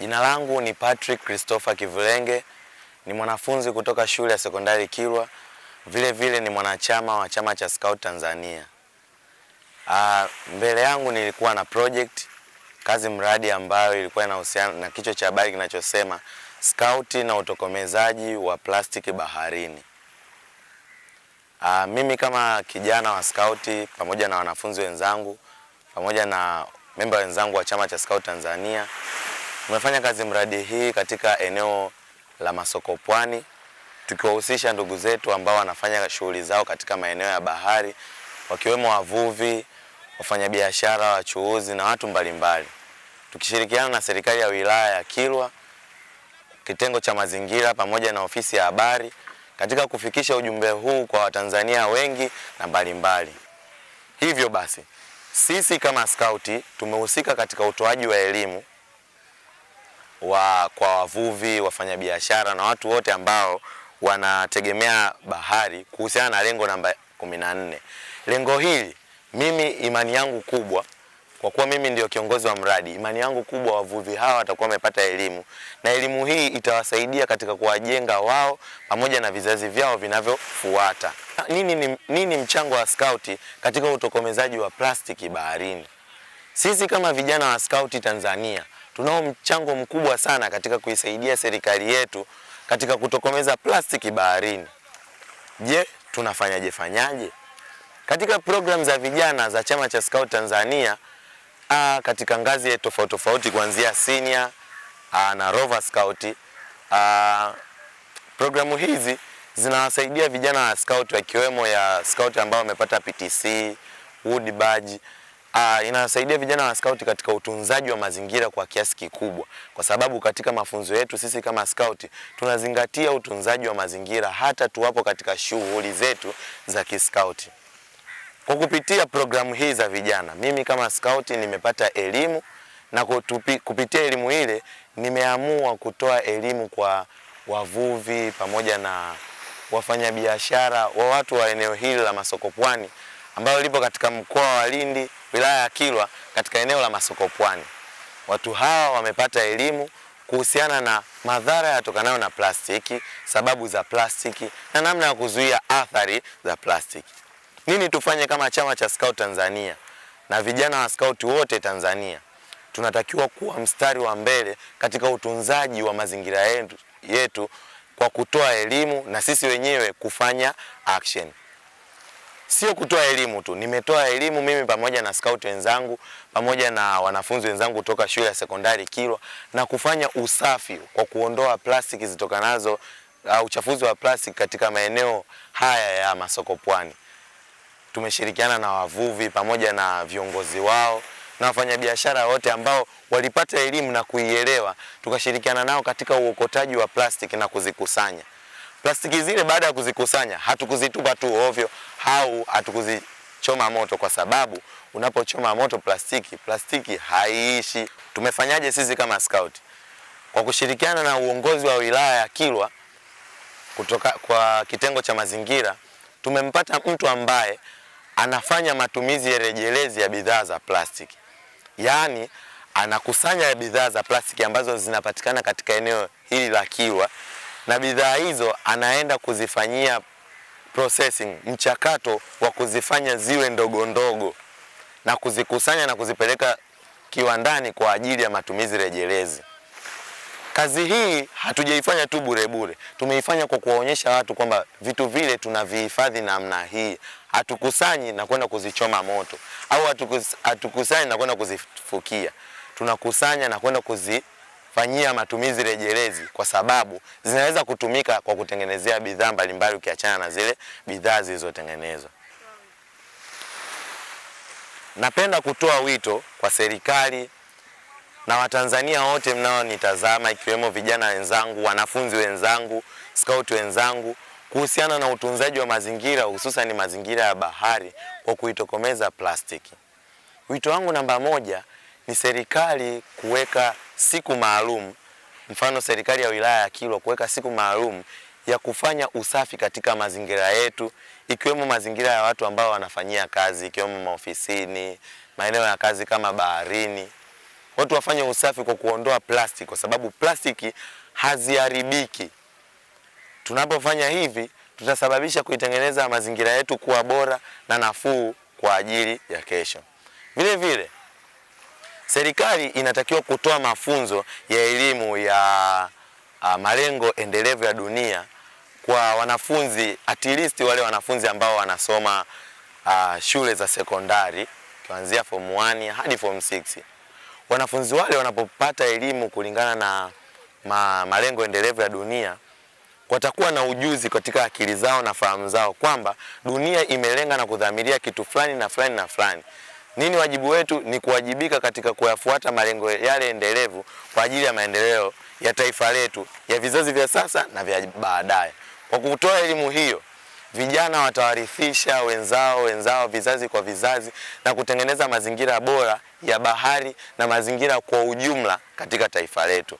Jina langu ni Patrick Christopher Kivulenge, ni mwanafunzi kutoka shule ya sekondari Kilwa, vile vile ni mwanachama wa chama cha Scout Tanzania. Aa, ah, mbele yangu nilikuwa na project kazi mradi ambayo ilikuwa inahusiana na kichwa cha habari kinachosema Scout na utokomezaji wa plastiki baharini. Aa, ah, mimi kama kijana wa Scout pamoja na wanafunzi wenzangu pamoja na memba wenzangu wa chama cha Scout Tanzania Tumefanya kazi mradi hii katika eneo la Masoko Pwani, tukiwahusisha ndugu zetu ambao wanafanya shughuli zao katika maeneo ya bahari, wakiwemo wavuvi, wafanyabiashara, wachuuzi na watu mbalimbali, tukishirikiana na serikali ya wilaya ya Kilwa, kitengo cha mazingira pamoja na ofisi ya habari katika kufikisha ujumbe huu kwa Watanzania wengi na mbalimbali. Hivyo basi, sisi kama skauti tumehusika katika utoaji wa elimu wa, kwa wavuvi, wafanyabiashara na watu wote ambao wanategemea bahari kuhusiana na lengo namba 14. Lengo hili mimi imani yangu kubwa kwa kuwa mimi ndio kiongozi wa mradi, imani yangu kubwa wavuvi hawa watakuwa wamepata elimu na elimu hii itawasaidia katika kuwajenga wao pamoja na vizazi vyao vinavyofuata. Nini, ni nini mchango wa skauti katika utokomezaji wa plastiki baharini? Sisi kama vijana wa skauti Tanzania tunao mchango mkubwa sana katika kuisaidia serikali yetu katika kutokomeza plastiki baharini. Je, tunafanyaje fanyaje? Katika programu za vijana za chama cha Scout Tanzania a, katika ngazi tofauti tofauti kuanzia senior a, na Rover Scout a, programu hizi zinawasaidia vijana wa Scout wakiwemo ya Scout ambao wamepata PTC, Wood Badge Uh, inasaidia vijana wa scout katika utunzaji wa mazingira kwa kiasi kikubwa, kwa sababu katika mafunzo yetu sisi kama scout tunazingatia utunzaji wa mazingira hata tuwapo katika shughuli zetu za kiscout. Kwa kupitia programu hii za vijana, mimi kama scout nimepata elimu na kutupi, kupitia elimu ile nimeamua kutoa elimu kwa wavuvi pamoja na wafanyabiashara wa watu wa eneo hili la Masoko Pwani ambalo lipo katika mkoa wa Lindi, wilaya ya Kilwa, katika eneo la Masoko Pwani. Watu hawa wamepata elimu kuhusiana na madhara yatokanayo na plastiki, sababu za plastiki na namna ya kuzuia athari za plastiki. Nini tufanye kama chama cha Scout Tanzania na vijana wa Scout wote Tanzania? Tunatakiwa kuwa mstari wa mbele katika utunzaji wa mazingira yetu, yetu kwa kutoa elimu na sisi wenyewe kufanya action sio kutoa elimu tu, nimetoa elimu mimi pamoja na scout wenzangu pamoja na wanafunzi wenzangu kutoka shule ya sekondari Kilwa na kufanya usafi kwa kuondoa plastiki zitokanazo uh, uchafuzi wa plastiki katika maeneo haya ya masoko pwani. Tumeshirikiana na wavuvi pamoja na viongozi wao na wafanyabiashara wote ambao walipata elimu na kuielewa, tukashirikiana nao katika uokotaji wa plastiki na kuzikusanya. Plastiki zile baada ya kuzikusanya hatukuzitupa tu ovyo au hatukuzichoma moto, kwa sababu unapochoma moto plastiki, plastiki haiishi. Tumefanyaje sisi kama scout? Kwa kushirikiana na uongozi wa wilaya ya Kilwa kutoka kwa kitengo cha mazingira, tumempata mtu ambaye anafanya matumizi ya rejelezi ya bidhaa za plastiki, yaani anakusanya bidhaa za plastiki ambazo zinapatikana katika eneo hili la Kilwa na bidhaa hizo anaenda kuzifanyia processing, mchakato wa kuzifanya ziwe ndogo ndogo na kuzikusanya na kuzipeleka kiwandani kwa ajili ya matumizi rejelezi. Kazi hii hatujaifanya tu bure bure, tumeifanya kwa kuwaonyesha watu kwamba vitu vile tunavihifadhi namna hii, hatukusanyi na kwenda kuzichoma moto au hatukusanyi na kwenda kuzifukia, tunakusanya na kwenda kuzi fanyia matumizi rejelezi, kwa sababu zinaweza kutumika kwa kutengenezea bidhaa mbalimbali, ukiachana na zile bidhaa zilizotengenezwa. Napenda kutoa wito kwa serikali na Watanzania wote mnaonitazama, ikiwemo vijana wenzangu, wanafunzi wenzangu, scout wenzangu, kuhusiana na utunzaji wa mazingira, hususan mazingira ya bahari kwa kuitokomeza plastiki. Wito wangu namba moja ni serikali kuweka siku maalum, mfano serikali ya wilaya ya Kilwa kuweka siku maalum ya kufanya usafi katika mazingira yetu, ikiwemo mazingira ya watu ambao wanafanyia kazi, ikiwemo maofisini, maeneo ya kazi kama baharini. Watu wafanye usafi kwa kuondoa plastiki, kwa sababu plastiki haziharibiki. Tunapofanya hivi, tutasababisha kuitengeneza mazingira yetu kuwa bora na nafuu kwa ajili ya kesho. Vile vile Serikali inatakiwa kutoa mafunzo ya elimu ya a, ah, malengo endelevu ya dunia kwa wanafunzi at least wale wanafunzi ambao wanasoma a, ah, shule za sekondari kuanzia form 1 hadi form 6. Wanafunzi wale wanapopata elimu kulingana na ma, malengo endelevu ya dunia watakuwa na ujuzi katika akili zao na fahamu zao kwamba dunia imelenga na kudhamiria kitu fulani na fulani na fulani. Nini wajibu wetu? Ni kuwajibika katika kuyafuata malengo yale endelevu kwa ajili ya maendeleo ya taifa letu, ya vizazi vya sasa na vya baadaye. Kwa kutoa elimu hiyo, vijana watawarithisha wenzao wenzao, vizazi kwa vizazi, na kutengeneza mazingira bora ya bahari na mazingira kwa ujumla katika taifa letu.